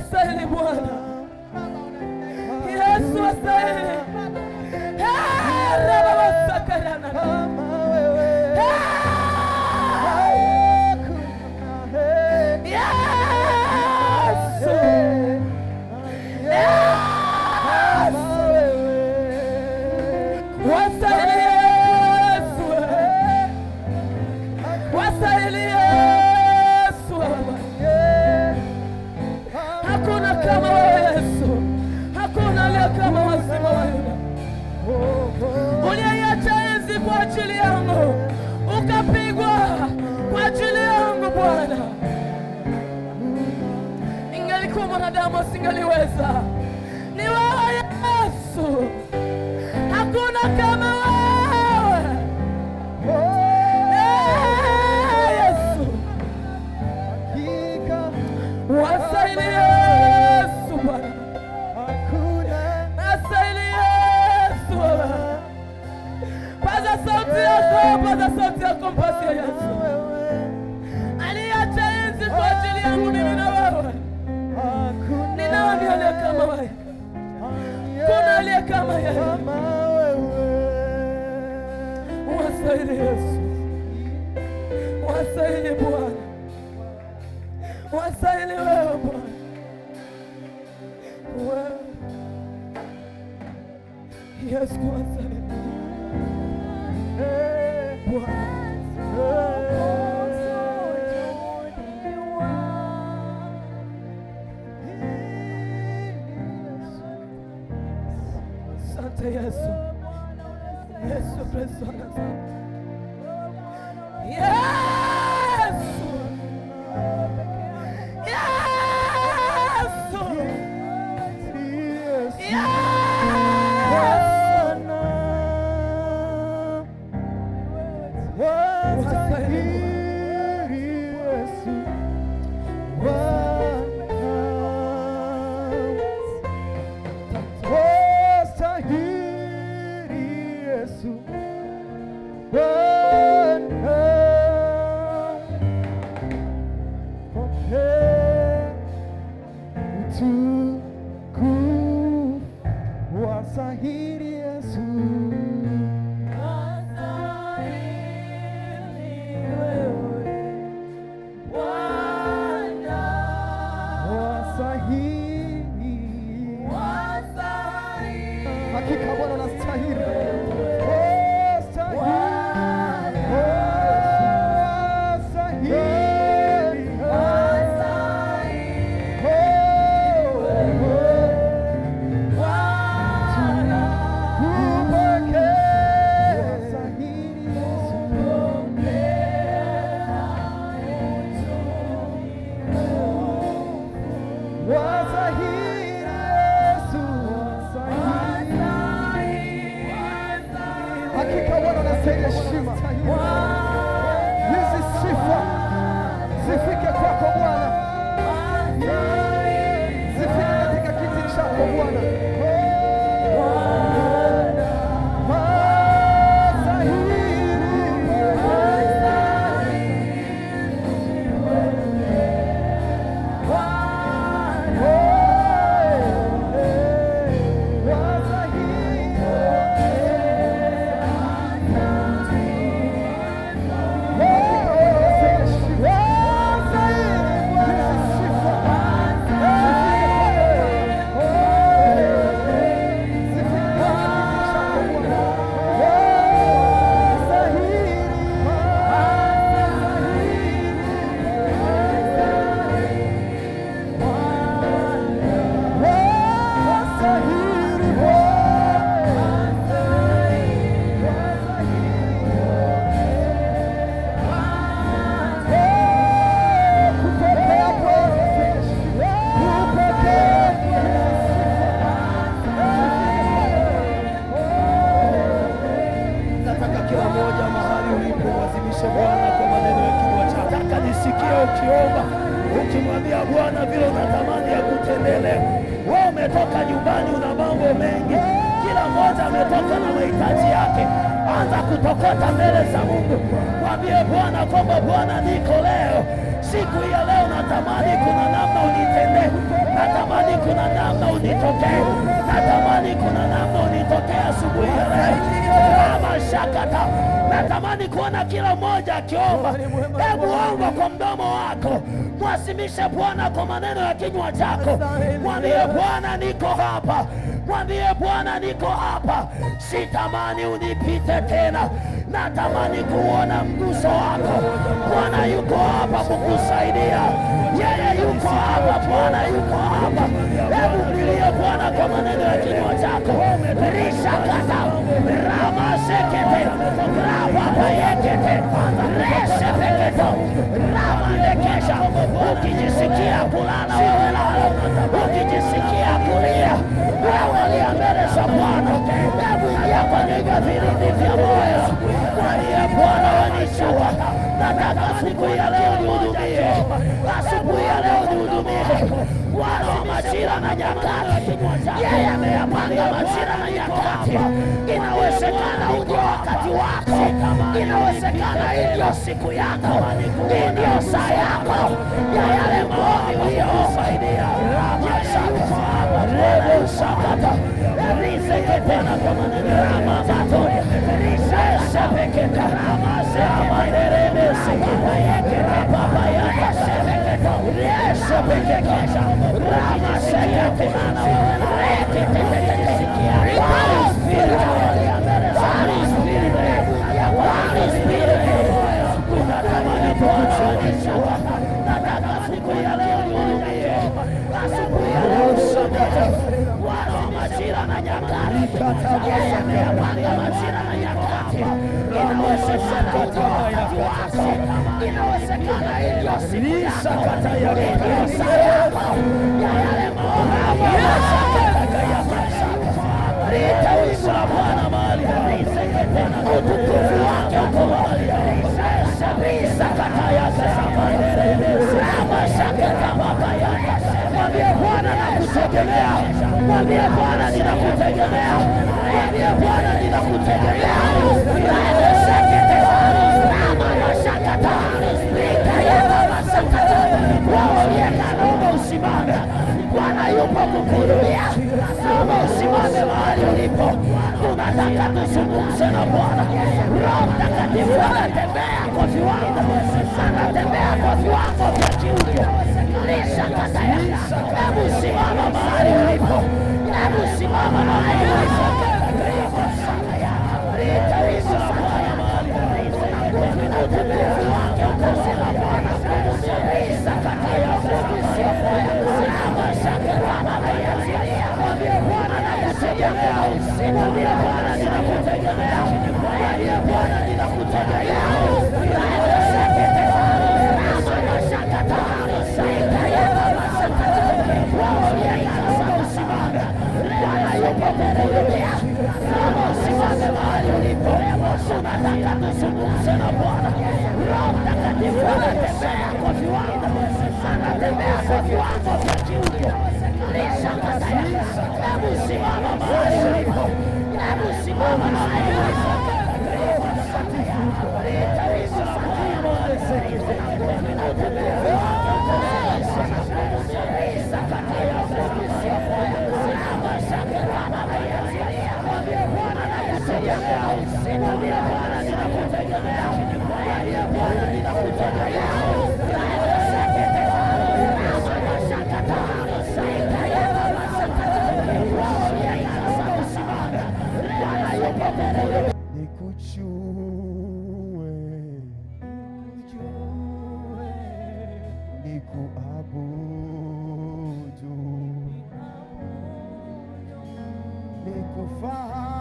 astahili Bwana, Yesu astahili. binadamu asingeliweza. Ni wewe Yesu, hakuna kama wewe ee Yesu, sauti yako, paza sauti yako mpasi ya Yesu Wasaidie Yesu, wasaidie Bwana, wasaidie wewe Bwana, wewe Yesu. mengi, kila mmoja ametoka na mahitaji yake. Anza kutokota mbele za Mungu, mwambie Bwana kwamba Bwana, niko leo, siku ya leo natamani kuna namna unitende, natamani kuna namna unitokee, natamani kuna namna unitokee asubuhi ya leo kama shakata natamani kuona kila mmoja akiomba. Hebu omba kwa mdomo wako, mwasimishe Bwana kwa maneno ya kinywa chako, mwambie Bwana, niko hapa mwambie Bwana, niko hapa, sitamani unipite tena, natamani kuona mguso wako Bwana. Yuko hapa kukusaidia, yeye yuko hapa Bwana, yuko hapa. Hebu mlilie Bwana kwa maneno ya kinywa chako. rishakata ramasekete rababayekete resepeketo ramalekesha. Ukijisikia kulala wewe lala nawe liambeleza Bwana ayapanika vilindi vya moyo kwaliye Bwana wanishua. Nataka siku ya leo nihudumie, siku ya leo nihudumie. Bwana wa majira na nyakati, yeye ameyapanga majira na nyakati. Inawezekana uje wakati wako, inawezekana hii ndio siku yako, hii ndio saa yako ya yale maono uliyosaidia rebusakata riseketena ramazatoya risesepeketa ramaseamaerebeseketayakerapapayakaseeketa resepekekesa ramaseketena reketetetesikia Roho majira na nyakati, inayopanga majira na nyakati, inawezekana wakati wake, inawezekana hivyo siku yako ni saa yako ya yale maono yatakayokuwezesha litauza Bwana mali na utukufu wake uko mahali hapa. Risa kataya sasa, rama shaka kama kutegemea. Mwambie Bwana ninakutegemea, mwambie Bwana ninakutegemea. Usimame, Bwana yupo kukuhudumia. Naomba usimame mahali ulipo, tunataka tuzungumze na Bwana. Roho Mtakatifu anatembea kwa viwango, anatembea kwa viwango vya kiungu. Hebu simama mahali ulipo, hebu simama mahali ulipo. Ninakutegemea, ninakutegemea, ninakutegemea Zungumze na Bwana. Roho Mtakatifu anatembea kwa viwango, anatembea kwa viwango vya kiungu. Hebu simama mahali ulipo, hebu simama mahali ulipo. Roho Mtakatifu Nikuchue, nikuamini far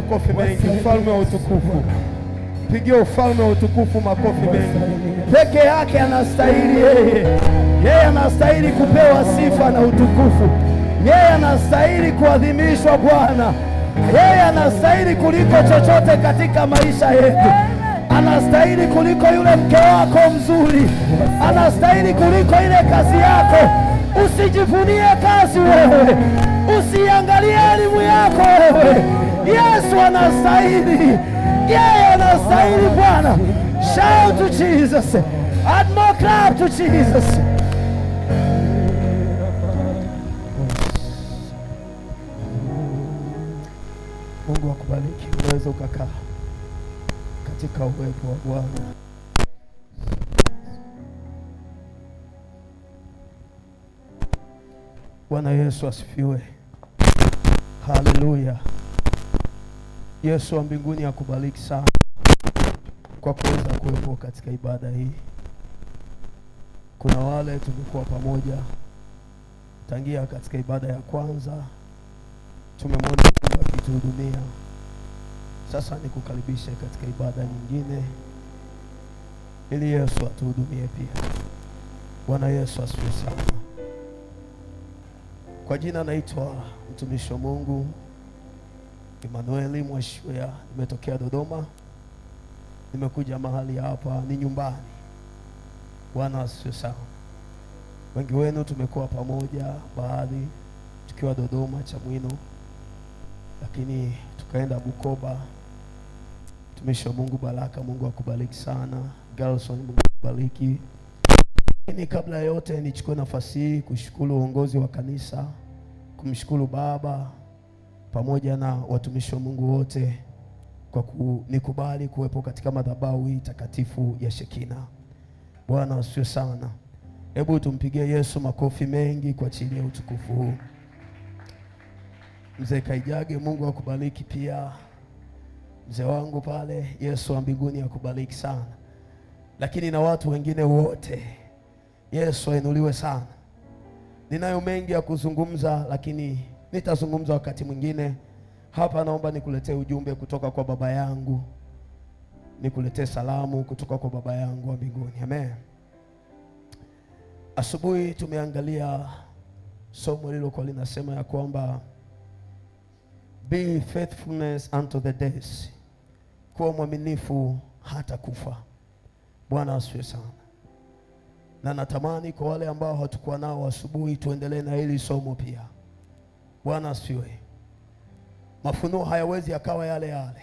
makofi mengi, mfalme wa utukufu. Pigia ufalme wa utukufu makofi mengi. Peke yake anastahili yeye, yeye anastahili kupewa sifa na utukufu, yeye anastahili kuadhimishwa Bwana, yeye anastahili kuliko chochote katika maisha yetu anastahili kuliko yule mke wako mzuri, anastahili kuliko ile kazi yako. Usijivunie kazi wewe, usiangalie elimu yako wewe. Yesu anastahili, yeye anastahili Bwana. Shout to Jesus and more clap to Jesus. Mungu akubariki, unaweza ukakaa katika uwepo wa Bwana. Bwana Yesu asifiwe. Haleluya. Yesu wa mbinguni akubariki sana kwa kuweza kuwepo katika ibada hii. Kuna wale tumekuwa pamoja tangia katika ibada ya kwanza, tumemwona Mungu akituhudumia. Sasa nikukaribishe katika ibada nyingine ili Yesu atuhudumie pia. Bwana Yesu asifiwe sana. Kwa jina naitwa mtumishi wa Mungu Emmanuel Mwashuya, nimetokea Dodoma, nimekuja mahali hapa, ni nyumbani. Bwana asifiwe sana. Wengi wenu tumekuwa pamoja, baadhi tukiwa Dodoma Chamwino, lakini tukaenda Bukoba. Mtumishi wa Mungu Baraka, Mungu akubariki sana. Galson, Mungu akubariki. Lakini kabla ya yote, nichukue nafasi hii kushukuru uongozi wa kanisa, kumshukuru baba pamoja na watumishi wa Mungu wote kwa kunikubali kuwepo katika madhabahu hii takatifu ya Shekina. Bwana asifiwe sana. Hebu tumpigie Yesu makofi mengi kwa ajili ya utukufu huu. Mzee Kaijage, Mungu akubariki pia mzee wangu pale, Yesu wa mbinguni akubariki sana, lakini na watu wengine wote, Yesu ainuliwe sana. Ninayo mengi ya kuzungumza, lakini Nitazungumza wakati mwingine. Hapa naomba nikuletee ujumbe kutoka kwa baba yangu, nikuletee salamu kutoka kwa baba yangu wa mbinguni. Amen. Asubuhi tumeangalia somo lilokuwa linasema ya kwamba be faithfulness unto the death, kuwa mwaminifu hata kufa. Bwana asifiwe sana, na natamani kwa wale ambao hatukuwa nao asubuhi, tuendelee na hili somo pia. Bwana asiwe. Mafunuo hayawezi yakawa yale yale.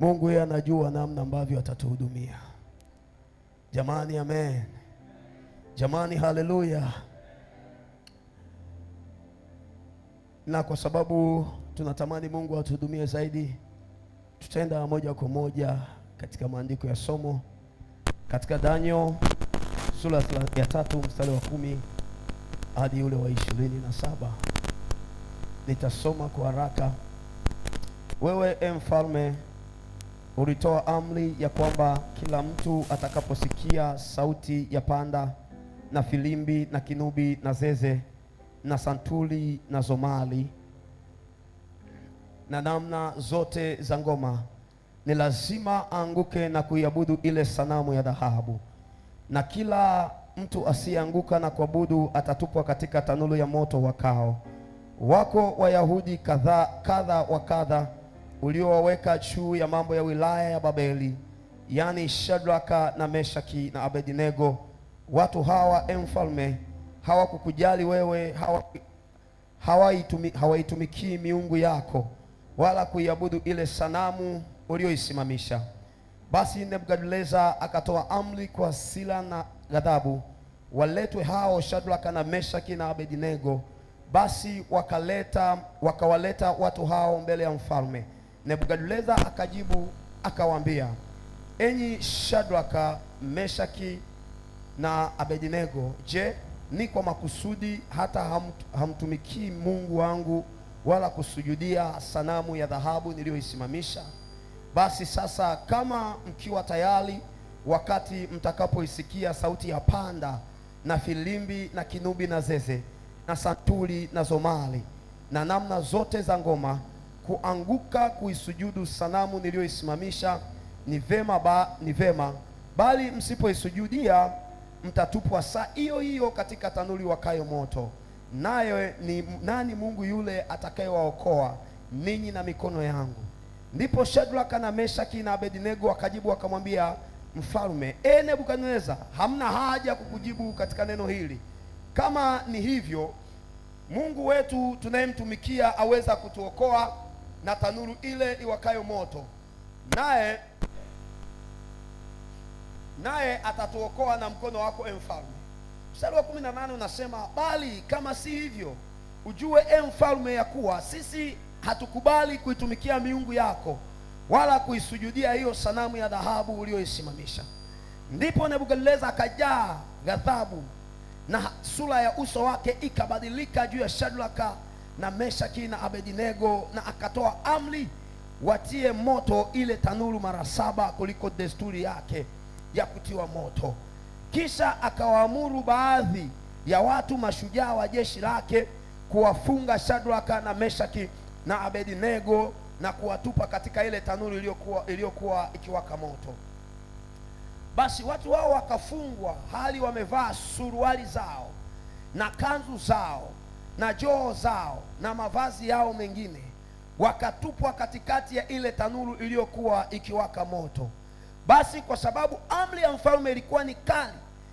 Mungu yeye anajua namna ambavyo atatuhudumia. Jamani, amen. Jamani, haleluya. Na kwa sababu tunatamani Mungu atuhudumie zaidi, tutaenda moja kwa moja katika maandiko ya somo katika Daniel sura ya tatu mstari wa kumi hadi ule wa ishirini na saba. Nitasoma kwa haraka. Wewe e mfalme, ulitoa amri ya kwamba kila mtu atakaposikia sauti ya panda na filimbi na kinubi na zeze na santuli na zomali na namna zote za ngoma, ni lazima aanguke na kuiabudu ile sanamu ya dhahabu, na kila mtu asiyeanguka na kuabudu atatupwa katika tanuru ya moto wakao Wako Wayahudi kadha kadha wa kadha uliowaweka juu ya mambo ya wilaya ya Babeli, yaani Shadraka na Meshaki na Abednego. Watu hawa, e mfalme, hawakukujali wewe, hawaitumikii hawa miungu yako wala kuiabudu ile sanamu uliyoisimamisha. Basi Nebukadneza akatoa amri kwa sila na ghadhabu, waletwe hao Shadraka na Meshaki na Abednego basi wakaleta wakawaleta watu hao mbele ya mfalme. Nebukadneza akajibu akawaambia, enyi Shadraka, Meshaki na Abednego, je, ni kwa makusudi hata hamtumikii Mungu wangu wala kusujudia sanamu ya dhahabu niliyoisimamisha? Basi sasa, kama mkiwa tayari, wakati mtakapoisikia sauti ya panda na filimbi na kinubi na zeze na satuli na zomali na namna zote za ngoma, kuanguka kuisujudu sanamu niliyoisimamisha ni vema ba, ni vema bali msipoisujudia mtatupwa saa hiyo hiyo katika tanuri wakayo moto, naye ni nani Mungu yule atakayewaokoa ninyi na mikono yangu? Ndipo Shadraka na Meshaki na Abednego wakajibu wakamwambia mfalme, e Nebukadneza, hamna haja kukujibu katika neno hili kama ni hivyo, Mungu wetu tunayemtumikia aweza kutuokoa na tanuru ile iwakayo moto, naye naye atatuokoa na mkono wako, e mfalme. Mstari wa kumi na nane unasema bali kama si hivyo, ujue e mfalme, ya kuwa sisi hatukubali kuitumikia miungu yako wala kuisujudia hiyo sanamu ya dhahabu uliyoisimamisha. Ndipo Nebukadneza akajaa ghadhabu na sura ya uso wake ikabadilika juu ya Shadraka na Meshaki na Abednego, na akatoa amri watie moto ile tanuru mara saba kuliko desturi yake ya kutiwa moto. Kisha akawaamuru baadhi ya watu mashujaa wa jeshi lake kuwafunga Shadraka na Meshaki na Abednego na kuwatupa katika ile tanuru iliyokuwa iliyokuwa ikiwaka moto. Basi watu hao wakafungwa hali wamevaa suruali zao na kanzu zao na joho zao na mavazi yao mengine, wakatupwa katikati ya ile tanuru iliyokuwa ikiwaka moto. Basi kwa sababu amri ya mfalme ilikuwa ni kali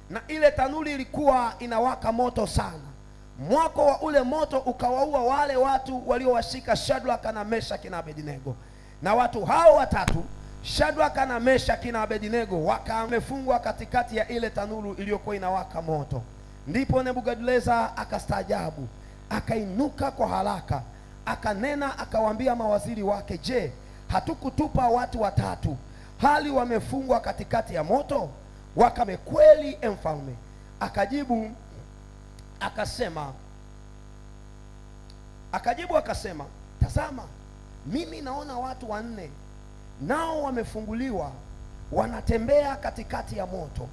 na ile tanuri ilikuwa inawaka moto sana, mwako wa ule moto ukawaua wale watu waliowashika Shadraka na Meshaki na Abednego, na watu hao watatu Shadraka na Meshaki na Abednego wakamefungwa katikati ya ile tanuru iliyokuwa inawaka moto. Ndipo Nebukadneza akastaajabu, akainuka kwa haraka, akanena akawaambia mawaziri wake, je, hatukutupa watu watatu hali wamefungwa katikati ya moto? Wakamekweli, e mfalme. Akajibu akasema akajibu akasema, tazama, mimi naona watu wanne nao wamefunguliwa, wanatembea katikati ya moto,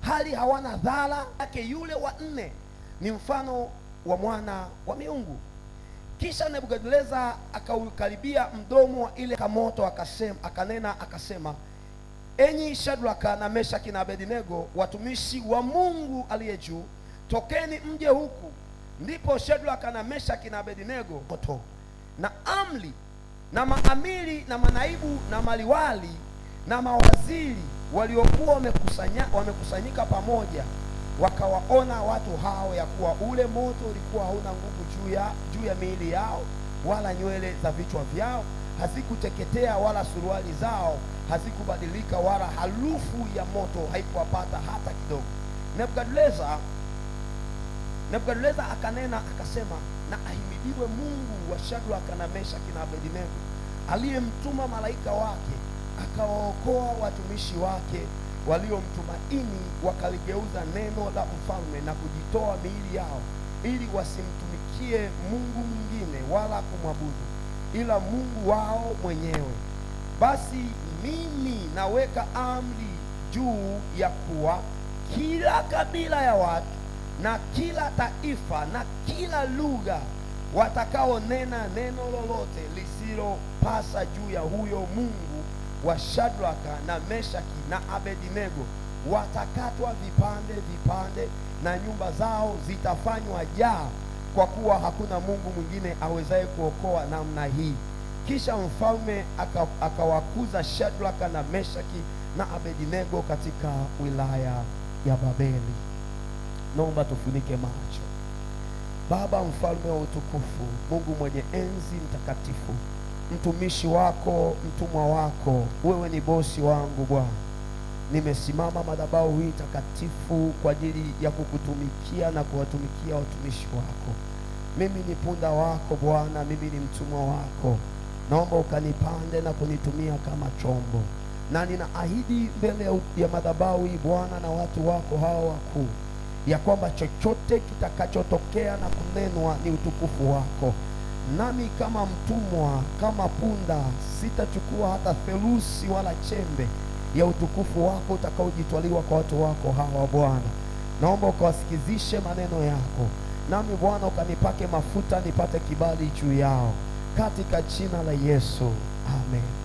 hali hawana dhara yake. Yule wa nne ni mfano wa mwana wa miungu. Kisha Nebukadneza akaukaribia mdomo wa ile kamoto, akasema, akanena akasema, enyi Shadraka na Meshaki na Abednego, watumishi wa Mungu aliye juu, tokeni mje huku. Ndipo Shadraka na Meshaki na Abednego moto na amri na maamiri na manaibu na maliwali na mawaziri waliokuwa wamekusanyika pamoja wakawaona watu hao ya kuwa ule moto ulikuwa hauna nguvu juu ya juu ya miili yao wala nywele za vichwa vyao hazikuteketea wala suruali zao hazikubadilika wala harufu ya moto haikuwapata hata kidogo. Nebukadneza Nebukadneza akanena akasema na ahimidiwe Mungu wa Shadraka na Meshaki na Abednego aliyemtuma malaika wake akawaokoa watumishi wake waliomtumaini, wakaligeuza neno la mfalme na kujitoa miili yao ili wasimtumikie Mungu mwingine wala kumwabudu ila Mungu wao mwenyewe. Basi mimi naweka amri juu ya kuwa kila kabila ya watu na kila taifa na kila lugha watakaonena neno lolote lisilopasa juu ya huyo Mungu wa Shadraka na Meshaki na Abednego watakatwa vipande vipande, na nyumba zao zitafanywa jaa, kwa kuwa hakuna Mungu mwingine awezaye kuokoa namna hii. Kisha mfalme akawakuza aka Shadraka na Meshaki na Abednego katika wilaya ya Babeli naomba tufunike macho. Baba mfalme wa utukufu, Mungu mwenye enzi mtakatifu, mtumishi wako, mtumwa wako, wewe ni bosi wangu Bwana. Nimesimama madhabahu hii takatifu kwa ajili ya kukutumikia na kuwatumikia watumishi wako. Mimi ni punda wako Bwana, mimi ni mtumwa wako. Naomba ukanipande na kunitumia kama chombo, na ninaahidi mbele ya madhabahu hii Bwana na watu wako hawa wakuu ya kwamba chochote kitakachotokea na kunenwa ni utukufu wako. Nami kama mtumwa, kama punda, sitachukua hata theluthi wala chembe ya utukufu wako utakaojitwaliwa kwa watu wako hawa. Bwana, naomba ukawasikizishe maneno yako, nami Bwana ukanipake mafuta nipate kibali juu yao, katika jina la Yesu, amen.